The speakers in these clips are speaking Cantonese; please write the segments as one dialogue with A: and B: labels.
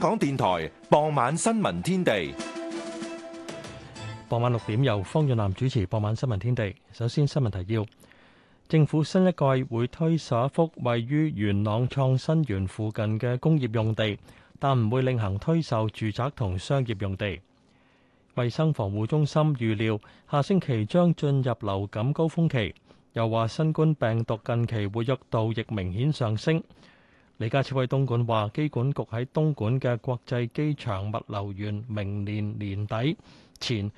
A: 香港電台傍晚新聞天地，傍晚六點由方潤南主持。傍晚新聞天地，首先新聞提要：政府新一季會推售一幅位於元朗創新園附近嘅工業用地，但唔會另行推售住宅同商業用地。衛生防護中心預料下星期將進入流感高峰期，又話新冠病毒近期活躍度亦明顯上升。李家超喺東莞話機管局喺東莞嘅國際機場物流園明年年底前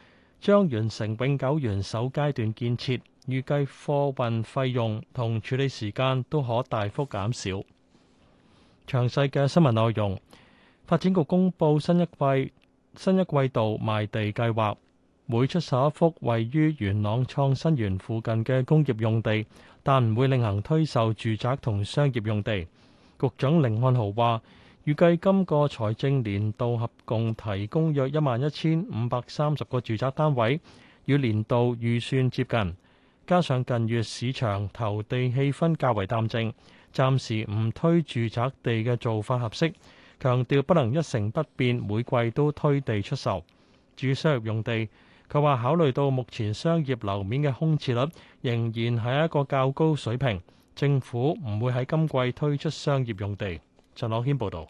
A: 將完成永久園首階段建設，預計貨運費用同處理時間都可大幅減少。詳細嘅新聞內容，發展局公布新一季新一季度賣地計劃，每出手一幅位於元朗創新園附近嘅工業用地，但唔會另行推售住宅同商業用地。局長凌漢豪話：預計今個財政年度合共提供約一萬一千五百三十個住宅單位，與年度預算接近。加上近月市場投地氣氛較為淡靜，暫時唔推住宅地嘅做法合適。強調不能一成不變，每季都推地出售。至於商業用地，佢話考慮到目前商業樓面嘅空置率仍然係一個較高水平。政府唔會喺今季推出商業用地。陳朗軒報道，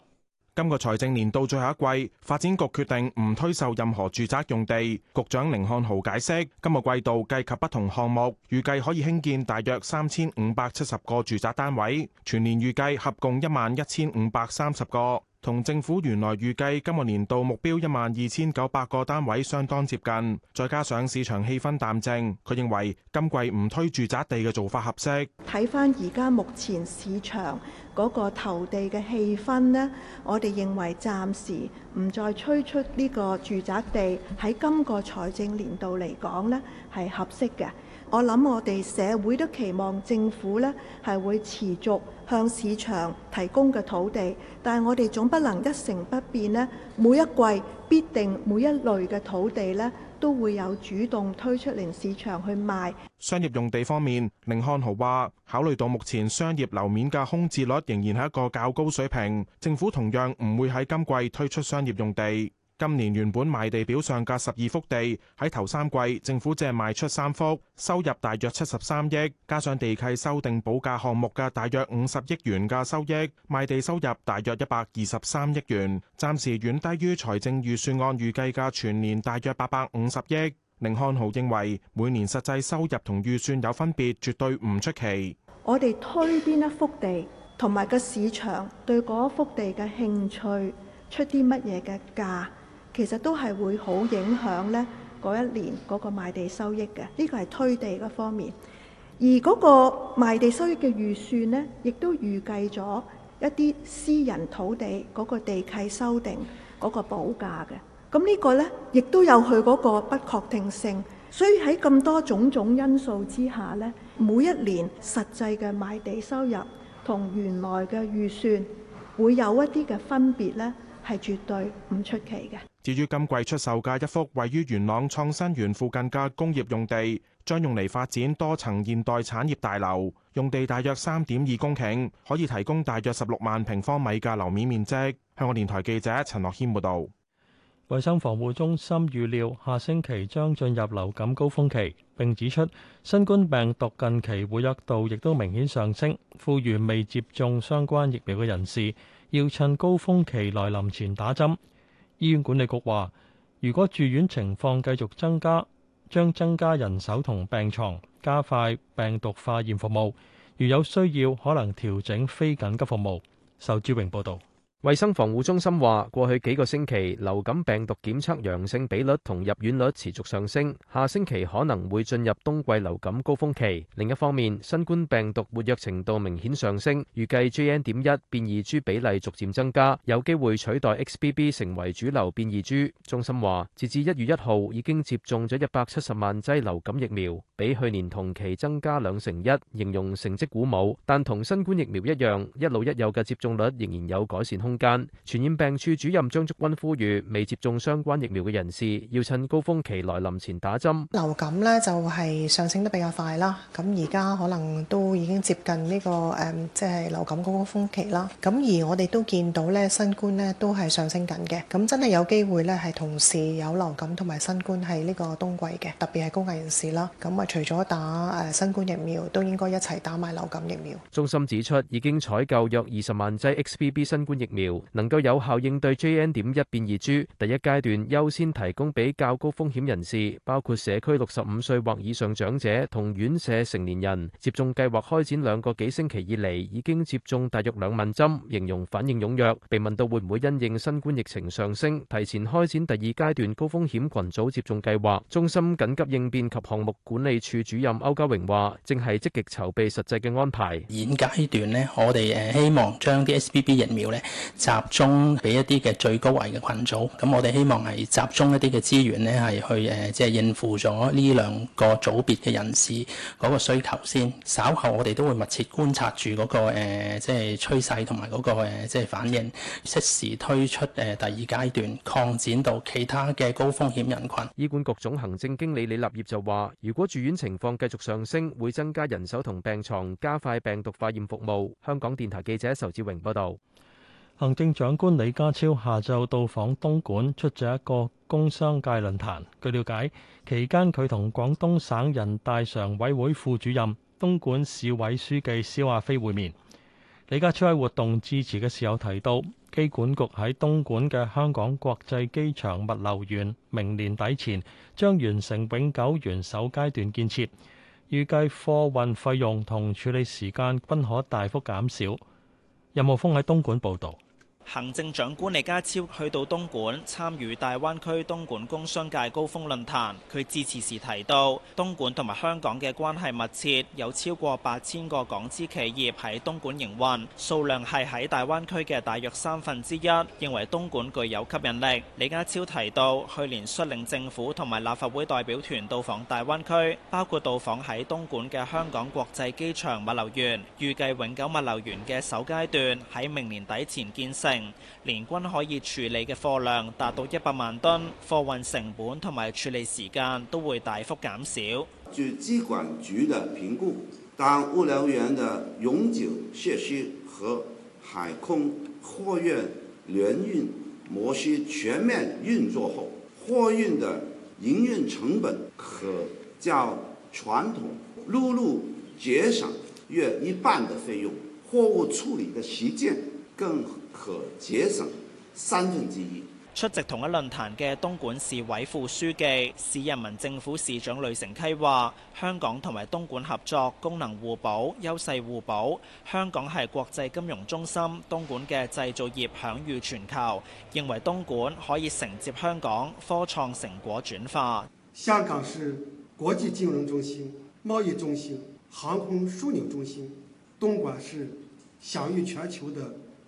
B: 今個財政年度最後一季，發展局決定唔推售任何住宅用地。局長凌漢豪解釋，今個季度計及不同項目，預計可以興建大約三千五百七十個住宅單位，全年預計合共一萬一千五百三十個。同政府原來預計今個年度目標一萬二千九百個單位相當接近，再加上市場氣氛淡靜，佢認為今季唔推住宅地嘅做法合適。
C: 睇翻而家目前市場嗰個投地嘅氣氛呢，我哋認為暫時唔再推出呢個住宅地，喺今個財政年度嚟講，呢係合適嘅。我諗我哋社會都期望政府呢係會持續向市場提供嘅土地，但係我哋總不能一成不變呢，每一季必定每一類嘅土地呢都會有主動推出嚟市場去賣。
B: 商業用地方面，寧漢豪話：考慮到目前商業樓面嘅空置率仍然係一個較高水平，政府同樣唔會喺今季推出商業用地。今年原本賣地表上嘅十二幅地喺頭三季，政府淨係賣出三幅，收入大約七十三億，加上地契修訂補價項目嘅大約五十億元嘅收益，賣地收入大約一百二十三億元，暫時遠低於財政預算案預計嘅全年大約八百五十億。甯漢豪認為每年實際收入同預算有分別，絕對唔出奇。
C: 我哋推邊一幅地，同埋個市場對嗰幅地嘅興趣，出啲乜嘢嘅價。其實都係會好影響咧嗰一年嗰個賣地收益嘅，呢個係推地嗰方面。而嗰個賣地收益嘅預算咧，亦都預計咗一啲私人土地嗰個地契修訂嗰個保價嘅。咁呢個咧，亦都有佢嗰個不確定性。所以喺咁多種種因素之下咧，每一年實際嘅賣地收入同原來嘅預算會有一啲嘅分別咧。係絕對唔出奇嘅。
B: 至於今季出售嘅一幅位於元朗創新園附近嘅工業用地，將用嚟發展多層現代產業大樓，用地大約三點二公頃，可以提供大約十六萬平方米嘅樓面面積。香港電台記者陳樂軒報道。
A: 衞生防護中心預料下星期將進入流感高峰期，並指出新冠病毒近期活躍度亦都明顯上升，呼籲未接種相關疫苗嘅人士。要趁高峰期來臨前打針，醫院管理局話，如果住院情況繼續增加，將增加人手同病床，加快病毒化驗服務，如有需要，可能調整
D: 非緊急服務，仇志榮報道。衛生防護中心話，過去幾個星期流感病毒檢測陽性比率同入院率持續上升，下星期可能會進入冬季流感高峰期。另一方面，新冠病毒活躍程度明顯上升，預計 JN 點一變異株比例逐漸增加，有機會取代 XBB 成為主流變異株。中心話，截至一月一號已經接種咗一百七十萬劑流感疫苗，比去年同期增加兩成一，形容成績鼓舞，但同新冠疫苗一樣，一老一幼嘅接種率仍然有改善空間傳染病處主任張竹君呼籲未接種相關疫苗嘅人士，要趁高峰期來臨前打針。
E: 流感咧就係上升得比較快啦，咁而家可能都已經接近呢個誒，即係流感高峰期啦。咁而我哋都見到咧，新冠咧都係上升緊嘅。咁真係有機會咧，係同時有流感同埋新冠喺呢個冬季嘅，特別係高危人士啦。咁啊，除咗打誒新冠疫苗，都應該一齊打埋流感疫苗。
D: 中心指出，已經採購約二十萬劑 XBB 新冠疫苗。能夠有效應對 JN. 點一變異株第一階段優先提供俾較高風險人士，包括社區六十五歲或以上長者同院舍成年人，接種計劃開展兩個幾星期以嚟，已經接種大約兩萬針，形容反應踴躍。被問到會唔會因應新冠疫情上升，提前開展第二階段高風險群組接種計劃，中心緊急應變及項目管理處主任歐家榮話正係積極籌備實際嘅安排。現階段呢，我哋希望將啲 SBB 疫苗咧，集中俾一啲嘅最高危嘅群組，咁我
F: 哋希望係集中一啲嘅資源呢係去誒，即係應付咗呢兩個組別嘅人士嗰個需求先。稍後我哋都會密切觀察住嗰個誒，即係趨勢同埋嗰個誒，即係反應，即時推出誒第二階段擴展到其他嘅高風險人群。
D: 醫管局總行政經理李立業就話，如果住院情況繼續上升，會增加人手同病床，加快病毒化驗服務。香港電台記者仇志榮報導。
A: 行政長官李家超下晝到訪東莞，出席一個工商界論壇。據了解，期間佢同廣東省人大常委會副主任、東莞市委書記肖亞非會面。李家超喺活動致辭嘅時候提到，機管局喺東莞嘅香港國際機場物流園明年底前將完成永久園首階段建設，預計貨運費用同處理時間均可大幅減少。任浩峯喺東莞報道。
F: 行政長官李家超去到東莞參與大灣區東莞工商界高峰論壇，佢致辭時提到，東莞同埋香港嘅關係密切，有超過八千個港資企業喺東莞營運，數量係喺大灣區嘅大約三分之一，認為東莞具有吸引力。李家超提到，去年率領政府同埋立法會代表團到訪大灣區，包括到訪喺東莞嘅香港國際機場物流園，預計永久物流園嘅首階段喺明年底前建成。年均可以處理嘅貨量達到一百萬噸，貨運成本同埋處理時間都會大幅減少。
G: 據機管局的評估，當物流園的永久設施和海空貨運聯運模式全面運作後，貨運的營運成本可較傳統陸路節省約一半的費用，貨物處
C: 理的時間更可節省
F: 三分之一。出席同一論壇嘅東莞市委副書記，市人民政府市長雷成溪話，香港同埋東莞合作，功能互補優勢互補，香港係國際金融中心，東莞嘅製造業享譽全球。認為東莞可以承接香港科創成果轉化。
E: 香港是國際金融中心、貿易中心、航空樞紐中心，東莞是享
A: 譽全球的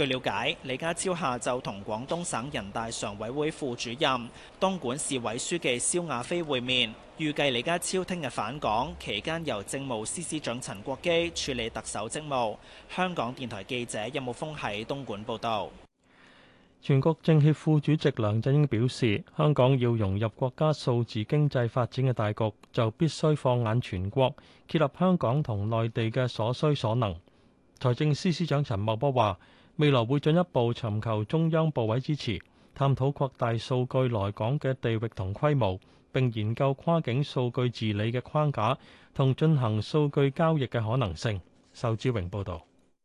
F: 據了解，李家超下晝同廣東省人大常委會副主任、東莞市委書記肖亞非會面。預計李家超聽日返港期間，由政務司司長陳國基處理特首職務。香港電台記者任慕峰喺東莞報導。
A: 全國政協副主席梁振英表示，香港要融入國家數字經濟發展嘅大局，就必須放眼全國，建立香港同內地嘅所需所能。財政司司長陳茂波話。未來會進一步尋求中央部委支持，探討擴大數據來港嘅地域同規模，並研究跨境數據治理嘅框架，同進行數據交易嘅可能性。仇志榮報導。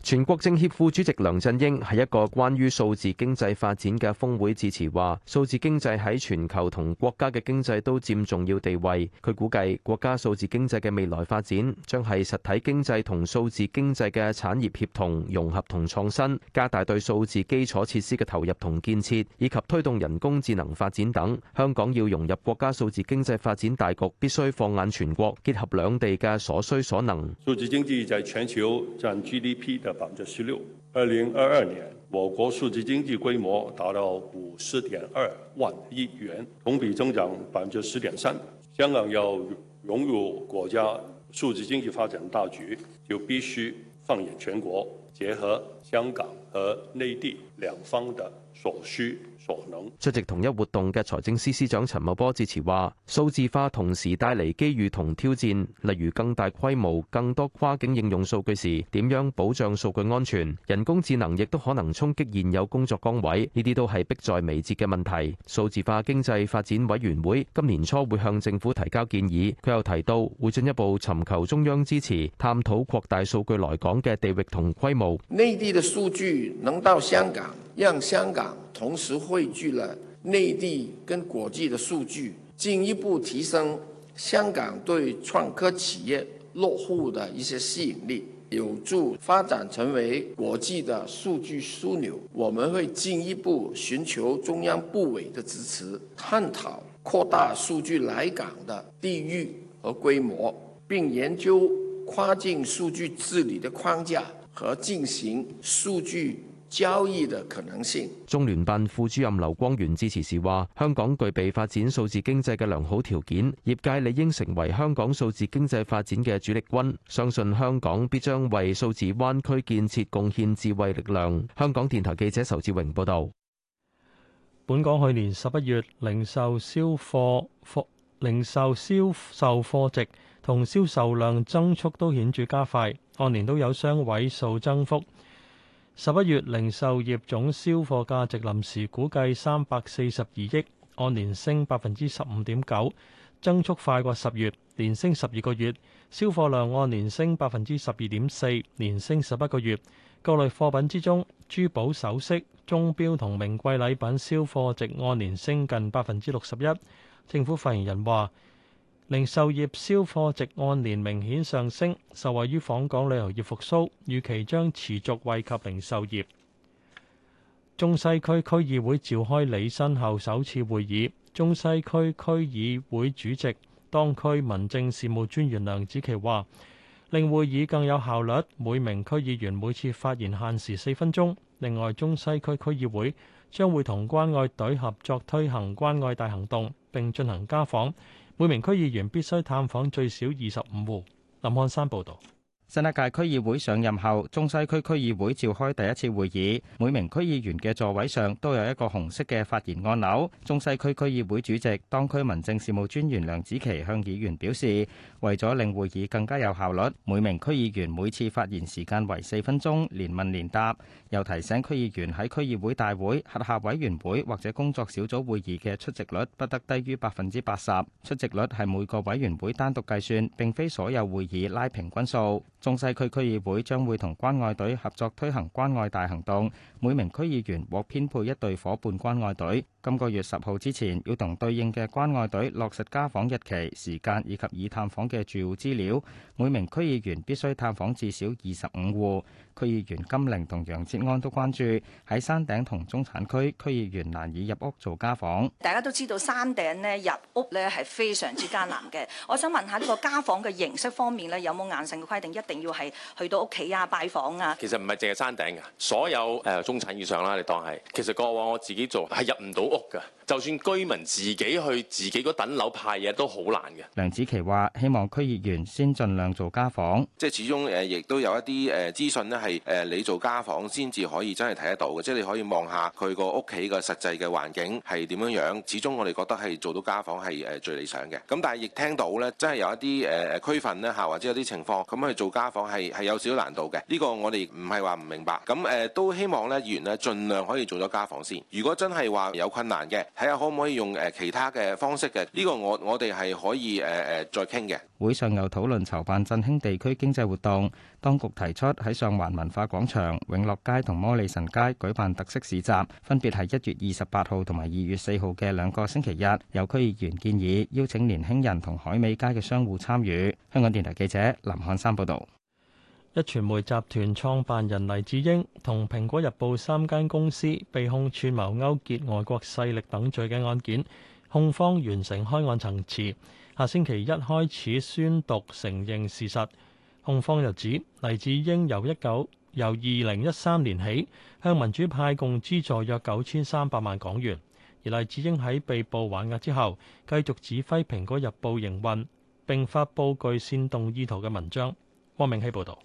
D: 全國政協副主席梁振英喺一個關於數字經濟發展嘅峰會致辭話，數字經濟喺全球同國家嘅經濟都佔重要地位。佢估計國家數字經濟嘅未來發展將係實體經濟同數字經濟嘅產業協同融合同創新，加大對數字基礎設施嘅投入同建設，以及推動人工智能發展等。香港要融入國家數字經濟發展大局，必須放眼全國，結合兩地嘅所需所能。
A: 數字經濟喺全球佔 GDP 等。百分之十六，二零二二年，我國數字經濟規模達到五十點二萬億元，同比增長百分之十點三。香港要融入國家數字經濟發展的大局，就必須放眼全國，結合香港和內地兩方的所需。
D: 出席同一活動嘅財政司司長陳茂波致辭話，數字化同時帶嚟機遇同挑戰，例如更大規模、更多跨境應用數據時點樣保障數據安全？人工智能亦都可能衝擊現有工作崗位，呢啲都係迫在眉睫嘅問題，數字化經濟發展委員會今年初會向政府提交建議，佢又提到會進一步尋求中央支持，探討擴大數據來港嘅地域同規模。
E: 內地嘅數據能到香港，讓香港。同時匯聚了內地跟國際的數據，進一步提升香港對創科企業落戶的一些吸引力，有助發展成為國際的數據樞紐。我們會進一步尋求中央部委的支持，探討擴大數據來港的地域和規模，並研究跨境數據治理的框架和進行數據交易的可能性，
D: 中聯辦副主任劉光源致辭時話：香港具備發展數字經濟嘅良好條件，業界理應成為香港數字經濟發展嘅主力軍。相信香港必將為數字灣區建設貢獻智慧力量。香港電台記者仇志榮報導。本港去年十一月
A: 零售銷售貨、零售銷售貨值同銷售量增速都顯著加快，按年都有雙位數增幅。十一月零售業總銷貨價值臨時估計三百四十二億，按年升百分之十五點九，增速快過十月，連升十二個月。銷貨量按年升百分之十二點四，連升十一個月。各類貨品之中，珠寶首飾、鐘錶同名貴禮品銷貨值按年升近百分之六十一。政府發言人話。零售業銷貨值按年明顯上升，受惠於訪港旅遊業復蘇，預期將持續惠及零售業。中西區區議會召開履新後首次會議，中西區區議會主席、當區民政事務專員梁子琪話：令會議更有效率，每名區議員每次發言限時四分鐘，另外，中西區區議會將會同關愛隊合作推行關愛大行動並進行家訪。每名區議員必須探訪最少二十五戶。林漢山報導。新一屆區議會上任後，中西區區議會召開第一次
H: 會議，每名區議員嘅座位上都有一個紅色嘅發言按鈕。中西區區議會主席、當區民政事務專員梁子琪向議員表示，為咗令會議更加有效率，每名區議員每次發言時間為四分鐘，連問連答。又提醒區議員喺區議會大會、轄下委員會或者工作小組會議嘅出席率不得低於百分之八十。出席率係每個委員會單獨計算，並非所有會議拉平均數。中西區區議會將會同關愛隊合作推行關愛大行動。每名區議員獲編配一對夥伴關愛隊，今個月十號之前要同對應嘅關愛隊落實家訪日期、時間以及已探訪嘅住戶資料。每名區議員必須探訪至少二十五戶。區議員金玲同楊哲安都關注喺山頂同中產區，區議員難以入屋做家訪。
I: 大家都知道山頂呢入屋咧係非常之艱難嘅。我想問下呢個家訪嘅形式方面呢，有冇硬性嘅規定一定要係去到屋企啊拜訪啊？
E: 其實唔係淨係山頂嘅，所有誒中中產以上啦，你當係其實過往我自己做係入唔到屋噶，就算居民自己去自己嗰等樓派嘢都好難
H: 嘅。梁子琪話希望區議員先盡量做家訪，
B: 即係始終誒亦都有一啲誒資訊咧係誒你做家訪先至可以真係睇得到嘅，即係你可以望下佢個屋企個實際嘅環境係點樣樣，始終我哋覺得係做到家訪係誒最理想嘅。咁但係亦聽到咧，真係有一啲誒區份咧吓或者有啲情況咁去做家訪係係有少少難度嘅。呢個我哋唔係話唔明白，咁誒都希望咧。一員咧，儘量可以做咗家訪先。如果真係話有困難嘅，睇下可唔可以用誒其他嘅方式嘅？呢個我我哋係可以誒誒再傾嘅。
H: 會上又討論籌辦振興地區經濟活動，當局提出喺上環文化廣場、永樂街同摩利臣街舉辦特色市集，分別係一月二十八號同埋二月四號嘅兩個星期日。有區議員建議邀請年輕人同海味街嘅商戶參與。香港電台記者林漢山報導。
A: 一傳媒集團創辦人黎智英同《蘋果日報》三間公司被控串謀勾結外國勢力等罪嘅案件，控方完成開案層次，下星期一開始宣讀承認事實。控方又指黎智英由一九由二零一三年起向民主派共資助約九千三百萬港元，而黎智英喺被捕還押之後，繼續指揮《蘋果日報》營運並發布具煽動意圖嘅文章。汪明希報導。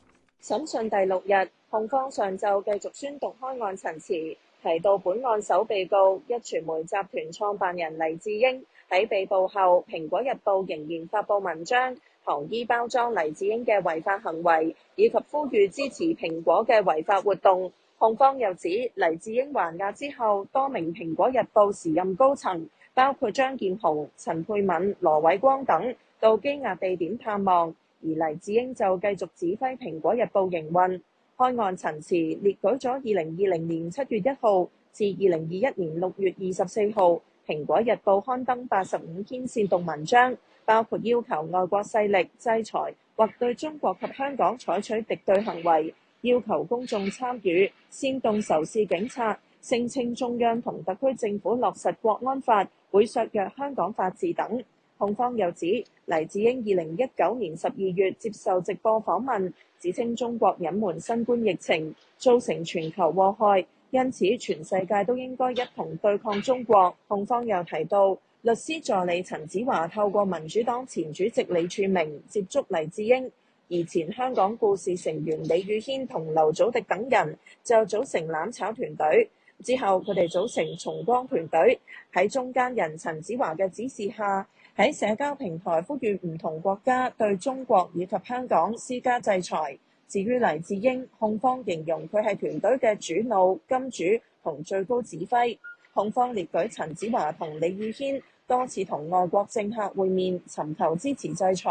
J: 審訊第六日，控方上晝繼續宣讀開案陳詞，提到本案首被告壹傳媒集團創辦人黎智英喺被捕後，《蘋果日報》仍然發布文章，糖衣包裝黎智英嘅違法行為，以及呼籲支持蘋果嘅違法活動。控方又指，黎智英還押之後，多名《蘋果日報》時任高層，包括張劍虹、陳佩敏、羅偉光等，到羈押地點探望。而黎智英就繼續指揮《蘋果日報》營運，開案陳詞列舉咗二零二零年七月一號至二零二一年六月二十四號《蘋果日報》刊登八十五篇煽動文章，包括要求外國勢力制裁或對中國及香港採取敵對行為、要求公眾參與、煽動仇視警察、聲稱中央同特區政府落實國安法會削弱香港法治等。控方又指黎智英二零一九年十二月接受直播訪問，指稱中國隱瞞新冠疫情，造成全球禍害，因此全世界都應該一同對抗中國。控方又提到，律師助理陳子華透過民主黨前主席李柱銘接觸黎智英，而前香港故事成員李宇軒同劉祖迪等人就組成攬炒團隊之後，佢哋組成重光團隊，喺中間人陳子華嘅指示下。喺社交平台呼籲唔同國家對中國以及香港施加制裁。至於黎智英，控方形容佢係團隊嘅主腦、金主同最高指揮。控方列舉陳子華同李宇軒多次同外國政客會面尋求支持制裁，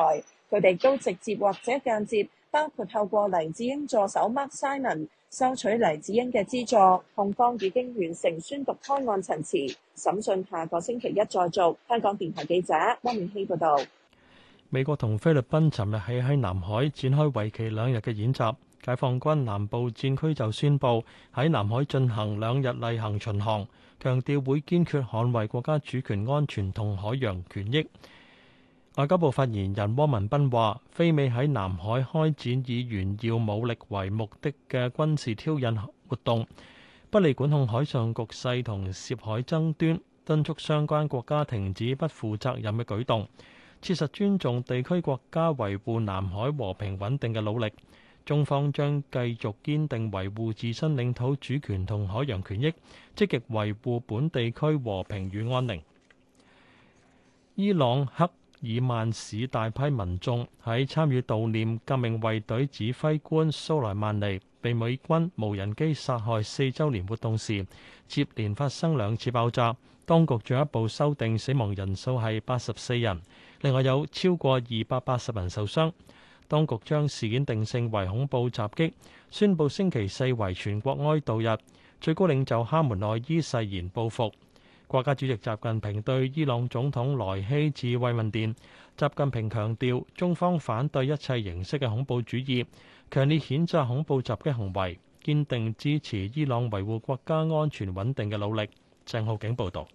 J: 佢哋都直接或者間接，包括透過黎智英助手 Mark Simon。收取黎智英嘅資助，控方已經完成宣讀開案陳詞。審訊下個星期一再續。香港電台記者溫明熙報導。
A: 美國同菲律賓尋日起喺南海展開為期兩日嘅演習。解放軍南部戰區就宣布喺南海進行兩日例行巡航，強調會堅決捍衛國家主權安全同海洋權益。外交部發言人汪文斌話，菲美喺南海開展以炫耀武力為目的嘅軍事挑釁活動，不利管控海上局勢同涉海爭端，敦促相關國家停止不負責任嘅舉動，切實尊重地區國家維護南海和平穩定嘅努力。中方將繼續堅定維護自身領土主權同海洋權益，積極維護本地區和平與安寧。伊朗核以曼市大批民眾喺參與悼念革命衛隊指揮官蘇萊曼尼被美軍無人機殺害四週年活動時，接連發生兩次爆炸。當局進一步修訂死亡人數係八十四人，另外有超過二百八十人受傷。當局將事件定性為恐怖襲擊，宣布星期四為全國哀悼日。最高領袖哈門內伊誓言報復。國家主席習近平對伊朗總統萊希致慰問電。習近平強調，中方反對一切形式嘅恐怖主義，強烈譴責恐怖襲擊行為，堅定支持伊朗維
K: 護國家安全穩定嘅努力。鄭浩景報導。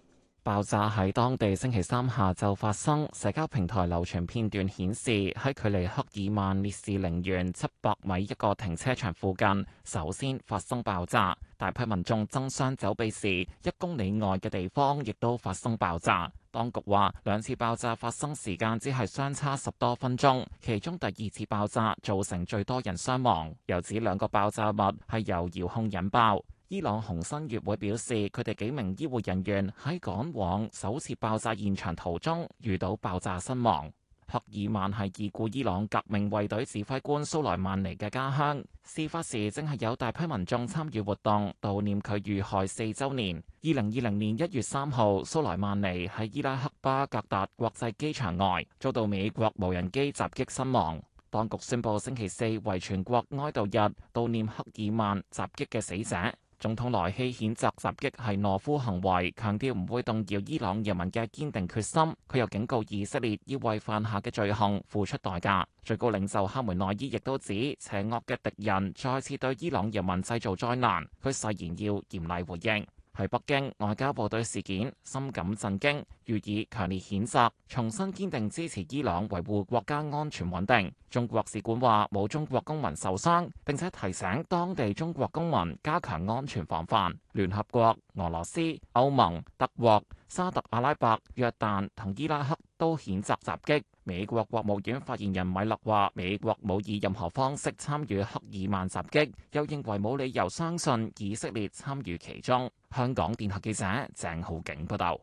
K: 爆炸喺當地星期三下晝發生。社交平台流傳片段顯示，喺距離克爾曼烈士陵園七百米一個停車場附近，首先發生爆炸。大批民眾爭相走避時，一公里外嘅地方亦都發生爆炸。當局話，兩次爆炸發生時間只係相差十多分鐘，其中第二次爆炸造成最多人傷亡。由此，兩個爆炸物係由遙控引爆。伊朗紅新月會表示，佢哋幾名醫護人員喺趕往首次爆炸現場途中遇到爆炸身亡。克爾曼係已故伊朗革命衛隊指揮官蘇萊曼尼嘅家鄉，事發時正係有大批民眾參與活動悼念佢遇害四周年。二零二零年一月三號，蘇萊曼尼喺伊拉克巴格達國際機場外遭到美國無人機襲擊身亡，當局宣布星期四為全國哀悼日，悼念克爾曼襲擊嘅死者。總統萊希譴責襲，襲擊係懦夫行為，強調唔會動搖伊朗人民嘅堅定決心。佢又警告以色列要為犯下嘅罪行付出代價。最高領袖哈梅內伊亦都指，邪惡嘅敵人再次對伊朗人民製造災難，佢誓言要嚴厲回應。喺北京，外交部對事件深感震驚。予以強烈譴責，重新堅定支持伊朗維護國家安全穩定。中國使館話冇中國公民受傷，並且提醒當地中國公民加強安全防範。聯合國、俄羅斯、歐盟、德國、沙特阿拉伯、約旦同伊拉克都譴責襲擊。美國國務院發言人米勒話：美國冇以任何方式參與克爾曼襲擊，又認為冇理由相信以色列參與其中。香港電台記者鄭浩景報道。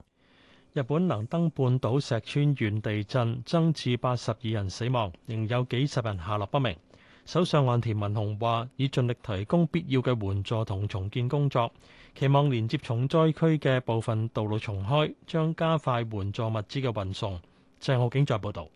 K: 日本能登
A: 半島石川縣地震增至八十二人死亡，仍有幾十人下落不明。首相岸田文雄話已盡力提供必要嘅援助同重建工作，期望連接重災區嘅部分道路重開，將加快援助物資嘅運送。鄭浩景再報道。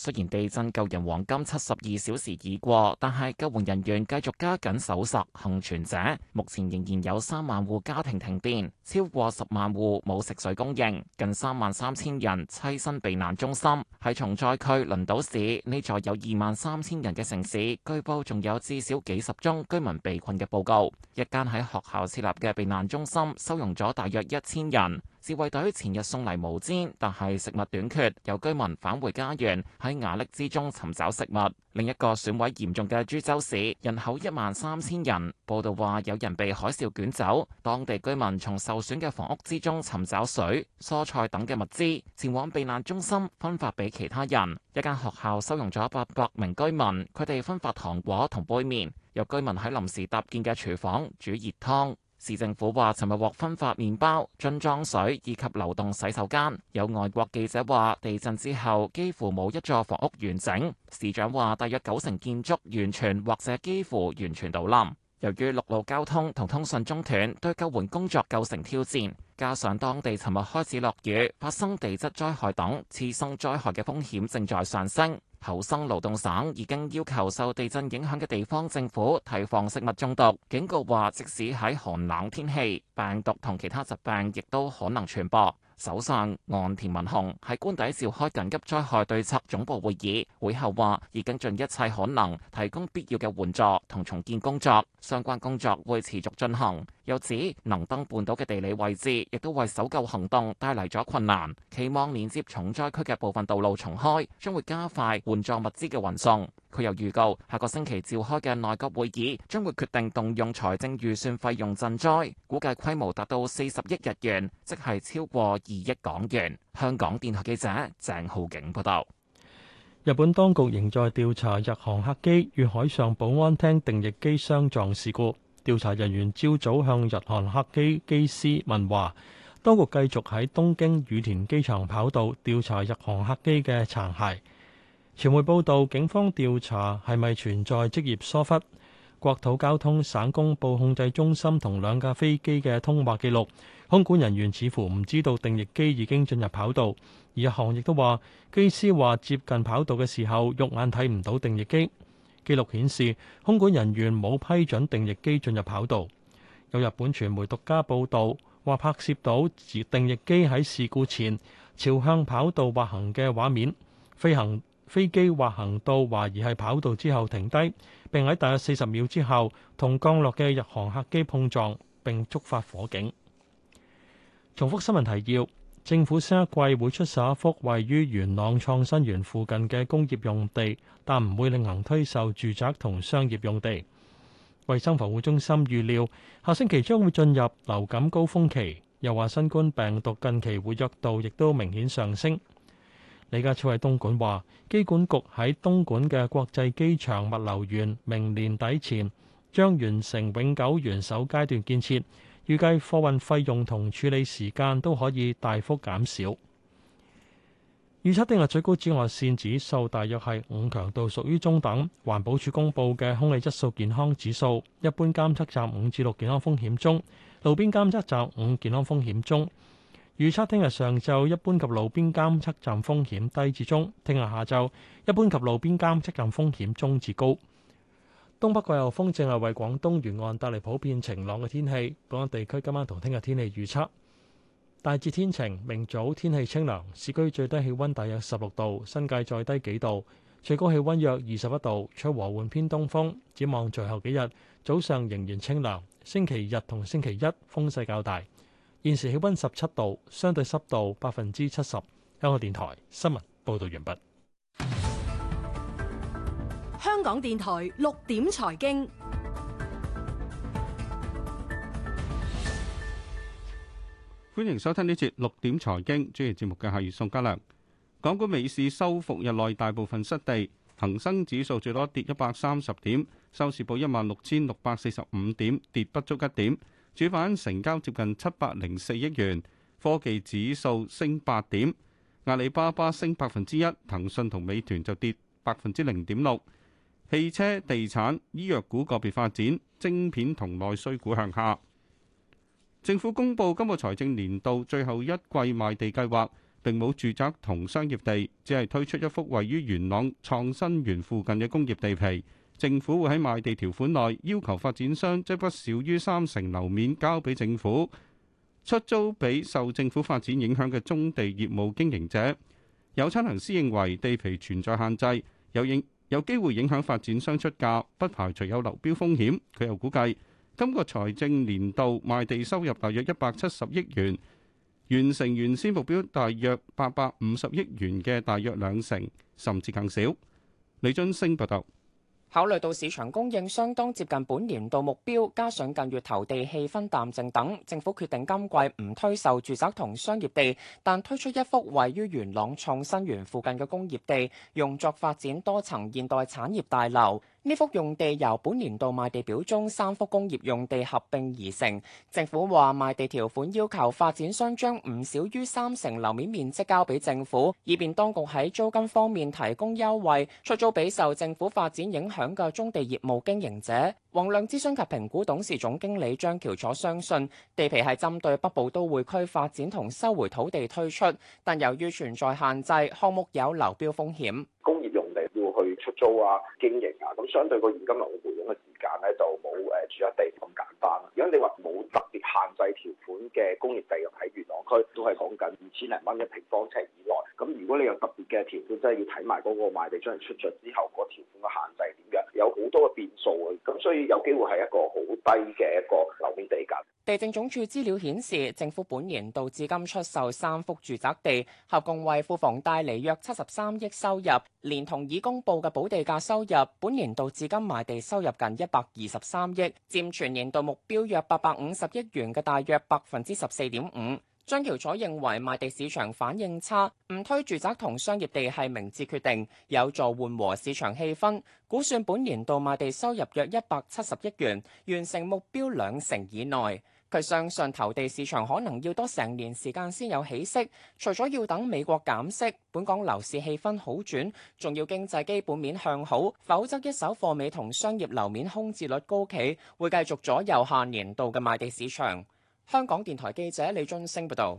K: 雖然地震救人黃金七十二小時已過，但係救援人員繼續加緊搜索幸存者。目前仍然有三萬戶家庭停電，超過十萬戶冇食水供應，近三萬三千人棲身避難中心。喺重災區輪島市呢座有二萬三千人嘅城市，據報仲有至少幾十宗居民被困嘅報告。一間喺學校設立嘅避難中心收容咗大約一千人。自衛隊前日送嚟毛氈，但係食物短缺。有居民返回家園，喺瓦礫之中尋找食物。另一個損毀嚴重嘅珠洲市，人口一萬三千人。報道話有人被海嘯捲走，當地居民從受損嘅房屋之中尋找水、蔬菜等嘅物資，前往避難中心分發俾其他人。一間學校收容咗八百名居民，佢哋分發糖果同杯麵。有居民喺臨時搭建嘅廚房煮熱湯。市政府話，尋日獲分發麵包、樽裝水以及流動洗手間。有外國記者話，地震之後幾乎冇一座房屋完整。市長話，大約九成建築完全或者幾乎完全倒冧。由於陸路交通同通訊中斷，對救援工作構成挑戰。加上當地尋日開始落雨，發生地質災害等次生災害嘅風險正在上升。厚生勞動省已經要求受地震影響嘅地方政府提防食物中毒，警告話即使喺寒冷天氣，病毒同其他疾病亦都可能傳播。首相岸田文雄喺官邸召開緊急災害對策總部會議，會後話已經盡一切可能提供必要嘅援助同重建工作，相關工作會持續進行。又指能登半島嘅地理位置亦都為搜救行動帶嚟咗困難，期望連接重災區嘅部分道路重開，將會加快援助物資嘅運送。佢又預告，下個星期召開嘅內閣會議將會決定動用財政預算費用賑災，估計規模達到四十億日元，即係超過二億港元。香港電台記者鄭浩景報道。
A: 日本當局仍在調查日航客機與海上保安廳定翼機相撞事故。調查人員朝早向日航客機機師問話。當局繼續喺東京羽田機場跑道調查日航客機嘅殘骸。傳媒報道，警方調查係咪存在職業疏忽。國土交通省公布控制中心同兩架飛機嘅通話記錄，空管人員似乎唔知道定翼機已經進入跑道。而日航亦都話，機師話接近跑道嘅時候肉眼睇唔到定翼機。記錄顯示空管人員冇批准定翼機進入跑道。有日本傳媒獨家報道，話拍攝到自定翼機喺事故前朝向跑道滑行嘅畫面，飛行。飛機滑行到懷疑係跑道之後停低，並喺大約四十秒之後同降落嘅日航客機碰撞，並觸發火警。重複新聞提要：政府新一季會出售一幅位於元朗創新園附近嘅工業用地，但唔會另行推售住宅同商業用地。衞生防護中心預料下星期將會進入流感高峰期，又話新冠病毒近期活躍度亦都明顯上升。李家超喺東莞話，機管局喺東莞嘅國際機場物流園明年底前將完成永久園首階段建設，預計貨運費用同處理時間都可以大幅減少。預測聽日最高紫外線指數大約係五，強度，屬於中等。環保署公佈嘅空氣質素健康指數，一般監測站五至六健康風險中，路邊監測站五健康風險中。預測聽日上晝一般及路邊監測站風險低至中，聽日下晝一般及路邊監測站風險中至高。東北季候風正係為廣東沿岸帶嚟普遍晴朗嘅天氣。本港地區今晚同聽日天氣預測：大致天晴，明早天氣清涼，市區最低氣温大約十六度，新界再低幾度，最高氣温約二十一度，吹和緩偏東風。展望最後幾日早上仍然清涼，星期日同星期一風勢較大。現時氣温十七度，相對濕度百分之七十。香港電台新聞報道完畢。
I: 香港電台六點財經，
G: 歡迎收聽呢節六點財經。主持節目嘅係宋家良。港股尾市收復日內大部分失地，恒生指數最多跌一百三十點，收市報一萬六千六百四十五點，跌不足一點。主板成交接近七百零四億元，科技指數升八點，阿里巴巴升百分之一，騰訊同美團就跌百分之零點六。汽車、地產、醫藥股個別發展，晶片同內需股向下。政府公布今個財政年度最後一季賣地計劃，並冇住宅同商業地，只係推出一幅位於元朗創新園附近嘅工業地皮。政府會喺賣地條款內要求發展商將不少於三成樓面交俾政府出租，俾受政府發展影響嘅中地業務經營者。有測量師認為地皮存在限制，有影有機會影響發展商出價，不排除有流標風險。佢又估計今個財政年度賣地收入大約一百七十億元，完成原先目標大約八百五十億元嘅大約兩成，甚至更少。李津升報道。
E: 考慮到市場供應相當接近本年度目標，加上近月投地氣氛淡靜等，政府決定今季唔推售住宅同商業地，但推出一幅位於元朗創新園附近嘅工業地，用作發展多層現代產業大樓。呢幅用地由本年度賣地表中三幅工業用地合併而成。政府話賣地條款要求發展商將唔少於三成樓面面積交俾政府，以便當局喺租金方面提供優惠出租俾受政府發展影響嘅中地業務經營者。黃亮諮詢及評估董，董事總經理張喬楚相信地皮係針對北部都會區發展同收回土地推出，但由於存在限制，項目有流標風險。
F: 出租啊，經營啊，咁相對個現金流嘅回應但呢就冇誒住宅地咁簡單。如果你話冇特別限制條款嘅工業地喺元朗區都係講緊二千零蚊一平方尺以內，咁如果你有特別嘅條款，真係要睇埋嗰個賣地將出咗之後個條款嘅限制點嘅，有好多嘅變數嘅。咁所以有機會係一個好低嘅一個樓面地價。
E: 地政總署資料顯示，政府本年度至今出售三幅住宅地，合共為庫房帶嚟約七十三億收入，連同已公布嘅補地價收入，本年度至今賣地收入近一百。百二十三億，佔全年度目標約八百五十億元嘅大約百分之十四點五。張橋楚認為賣地市場反應差，唔推住宅同商業地係明智決定，有助緩和市場氣氛。估算本年度賣地收入約一百七十億元，完成目標兩成以內。佢相信投地市場可能要多成年時間先有起色，除咗要等美國減息、本港樓市氣氛好轉，仲要經濟基本面向好，否則一手貨尾同商業樓面空置率高企，會繼續左右下年度嘅賣地市場。香港電台記者李津升報道。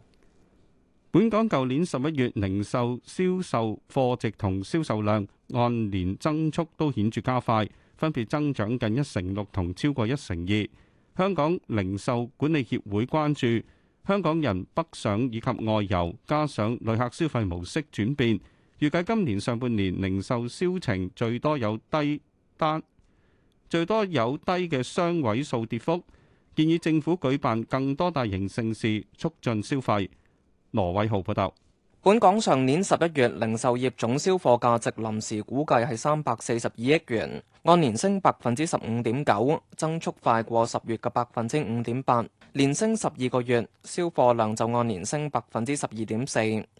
G: 本港舊年十一月零售銷售貨值同銷售量按年增速都顯著加快，分別增長近一成六同超過一成二。香港零售管理協會關注香港人北上以及外遊，加上旅客消費模式轉變，預計今年上半年零售銷情最多有低單最多有低嘅雙位數跌幅。建議政府舉辦更多大型盛事，促進消費，羅偉豪報道。本港上
L: 年十一月零售業總銷貨價值臨時估計係三百四十二億元，按年升百分之十五點九，增速快過十月嘅百分之五點八，連升十二個月，銷貨量就按年升百分之十二點四，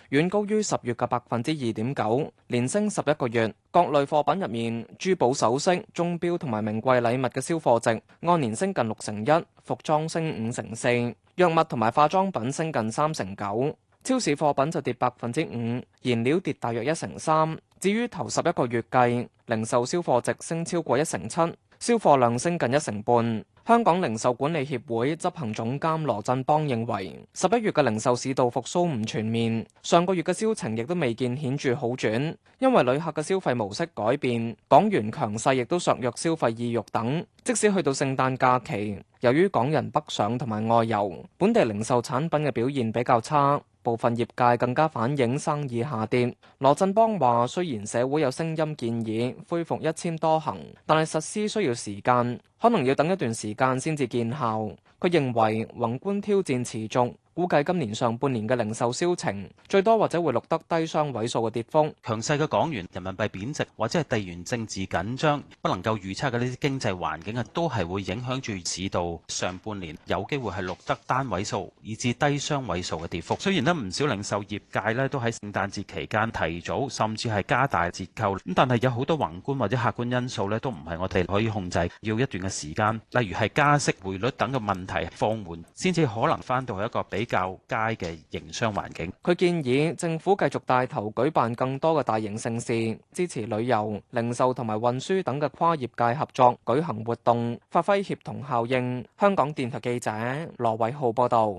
L: 遠高於十月嘅百分之二點九，連升十一個月。各類貨品入面，珠寶首飾、鐘表同埋名貴禮物嘅銷貨值按年升近六成一，服裝升五成四，藥物同埋化妝品升近三成九。超市貨品就跌百分之五，燃料跌大約一成三。至於頭十一個月計，零售銷貨值升超過一成七，銷貨量升近一成半。香港零售管理協會執行總監羅振邦認為，十一月嘅零售市道復甦唔全面，上個月嘅銷情亦都未見顯著好轉，因為旅客嘅消費模式改變，港元強勢亦都削弱消費意欲等。即使去到聖誕假期，由於港人北上同埋外遊，本地零售產品嘅表現比較差。部分業界更加反映生意下跌。羅振邦話：雖然社會有聲音建議恢復一簽多行，但係實施需要時間，可能要等一段時間先至見效。佢認為宏觀挑戰持續。估計今年上半年嘅零售銷情最多或者會錄得低
D: 雙位數嘅跌幅。強勢嘅港元、人民幣貶值或者係地緣政治緊張，不能夠預測嘅呢啲經濟環境啊，都係會影響住市道。上半年有機會係錄得單位數以至低雙位數嘅跌幅。雖然呢唔少零售業界咧都喺聖誕節期間提早甚至係加大折扣，咁但係有好多宏觀或者客觀因素咧都唔係我哋可以控制。要一段嘅時間，例如係加息、匯率等嘅問題放緩，先至可能翻到去一個比較佳嘅營商環境，佢建議政府繼續帶
L: 頭舉辦更多嘅大型盛事，支持旅遊、零售同埋運輸等嘅跨業界合作，舉行活動，發揮協同效應。香港電台記者羅偉浩報道。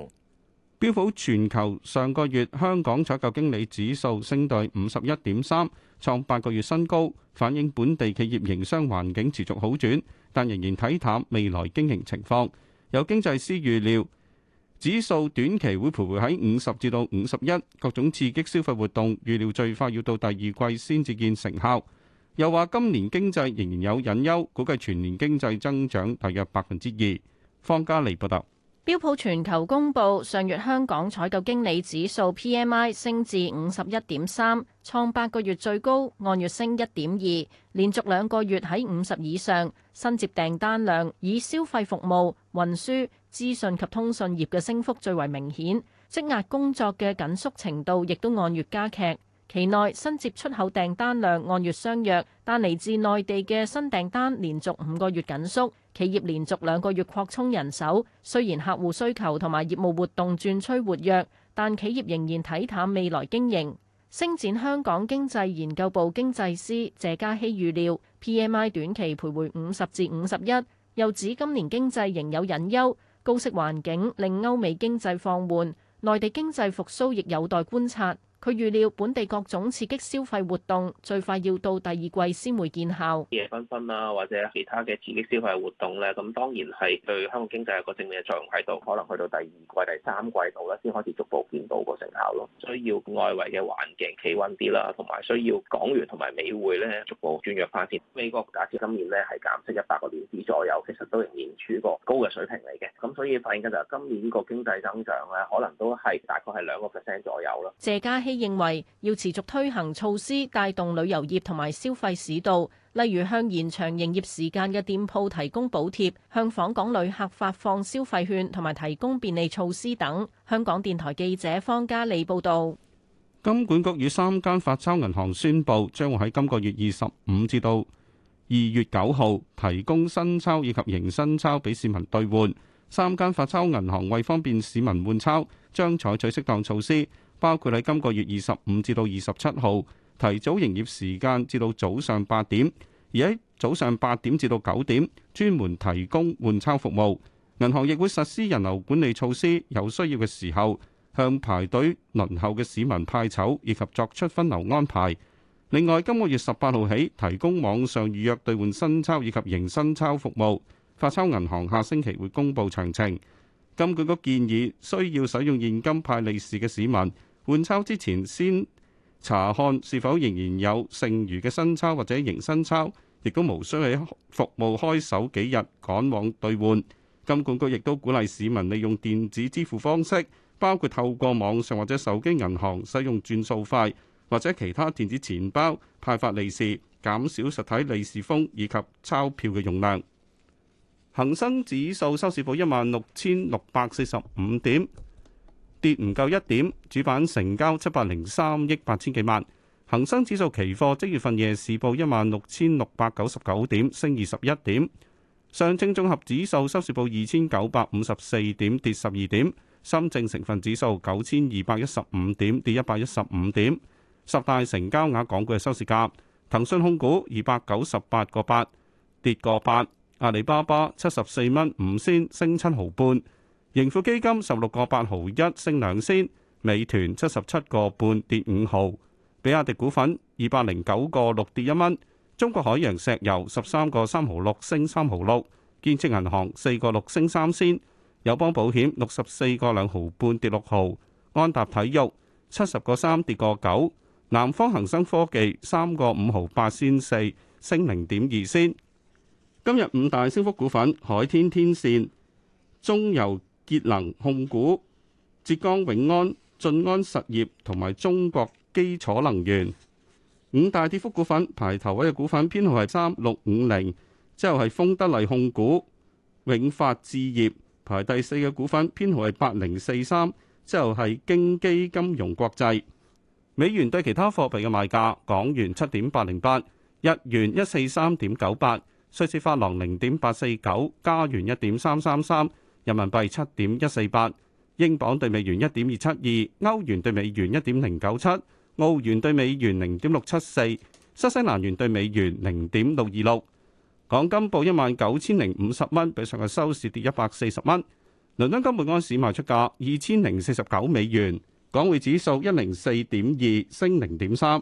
G: 標普全球上個月香港採購經理指數升到五十一點三，創八個月新高，反映本地企業營商環境持續好轉，但仍然睇淡未來經營情況。有經濟師預料。指數短期會徘徊喺五十至到五十一，各種刺激消費活動預料最快要到第二季先至見成效。又話今年經濟仍然有隱憂，估計全年經濟增長大約百分之二。方家利報道，
I: 標普全球公佈上月香港採購經理指數 PMI 升至五十一點三，創八個月最高，按月升一點二，連續兩個月喺五十以上，新接訂單量以消費服務、運輸、資訊及通訊業嘅升幅最為明顯，積壓工作嘅緊縮程度亦都按月加劇。期內新接出口訂單量按月相若，但嚟自內地嘅新訂單連續五個月緊縮，企業連續兩個月擴充人手。雖然客戶需求同埋業務活動轉趨活躍，但企業仍然睇淡未來經營。星展香港經濟研究部經濟師謝嘉熙預料，P M I 短期徘徊五十至五十一，51，又指今年經濟仍有隱憂。高息環境令歐美經濟放緩，內地經濟復甦亦有待觀察。佢預料本地各種刺激消費活動最快要到第二季先會見效，夜繽紛啊
F: 或
K: 者其他嘅刺激消費活動咧，咁當然係對香港經濟係個正面嘅作用喺度，可能去到第二季、第三季度咧先開始逐步見到個成效咯。需要外圍嘅環境企穩啲啦，同埋需要港元同埋美匯咧逐步轉弱翻先。美國假設今年咧係減息一百個年子左右，其實都仍然處個高嘅水平嚟嘅，咁所以反映嘅就今年個經濟增長咧可能都係大概係兩個 percent 左右咯。
I: 謝家興。認為要持續推行措施，帶動旅遊業同埋消費市道，例如向延長營業時間嘅店鋪提供補貼，向訪港旅客發放消費券同埋提供便利措施等。香港電台記者方嘉利報道，
G: 金管局與三間發鈔銀行宣佈，將會喺今個月二十五至到二月九號提供新鈔以及迎新鈔俾市民兌換。三間發鈔銀行為方便市民換鈔，將採取適當措施。包括喺今個月二十五至到二十七號提早營業時間至到早上八點，而喺早上八點至到九點專門提供換鈔服務。銀行亦會實施人流管理措施，有需要嘅時候向排隊輪候嘅市民派籌，以及作出分流安排。另外，今個月十八號起提供網上預約兌換新鈔以及迎新鈔服務。發鈔銀行下星期會公布詳情。金管局建議需要使用現金派利是嘅市民，換鈔之前先查看是否仍然有剩餘嘅新鈔或者迎新鈔，亦都無需喺服務開首幾日趕往兌換。金管局亦都鼓勵市民利用電子支付方式，包括透過網上或者手機銀行使用轉數快或者其他電子錢包派發利是，減少實體利是封以及鈔票嘅用量。恒生指數收市報一萬六千六百四十五點。跌唔夠一點，主板成交七百零三億八千幾萬。恒生指數期貨即月份夜市報一萬六千六百九十九點，升二十一點。上證綜合指數收市報二千九百五十四點，跌十二點。深證成分指數九千二百一十五點，跌一百一十五點。十大成交額港股嘅收市價：騰訊控股二百九十八個八，跌個八；阿里巴巴七十四蚊五仙，升七毫半。盈富基金十六個八毫一升兩仙，美團七十七個半跌五毫，比亞迪股份二百零九個六跌一蚊，中國海洋石油十三個三毫六升三毫六，建設銀行四個六升三仙，友邦保險六十四個兩毫半跌六毫，安踏體育七十個三跌個九，南方恒生科技三個五毫八仙四升零點二仙。今日五大升幅股份：海天天線、中油。節能控股、浙江永安、晉安實業同埋中國基礎能源。五大跌幅股份排頭位嘅股份編號係三六五零，之後係豐德麗控股、永發置業排第四嘅股份編號係八零四三，之後係京基金融國際。美元對其他貨幣嘅賣價：港元七點八零八，日元一四三點九八，瑞士法郎零點八四九，加元一點三三三。人民幣七點一四八，英鎊兌美元一點二七二，歐元兌美元一點零九七，澳元兌美元零點六七四，新西蘭元兌美元零點六二六。港金報一萬九千零五十蚊，比上日收市跌一百四十蚊。倫敦金本港市賣出價二千零四十九美元，港匯指數一零四點二升零點三。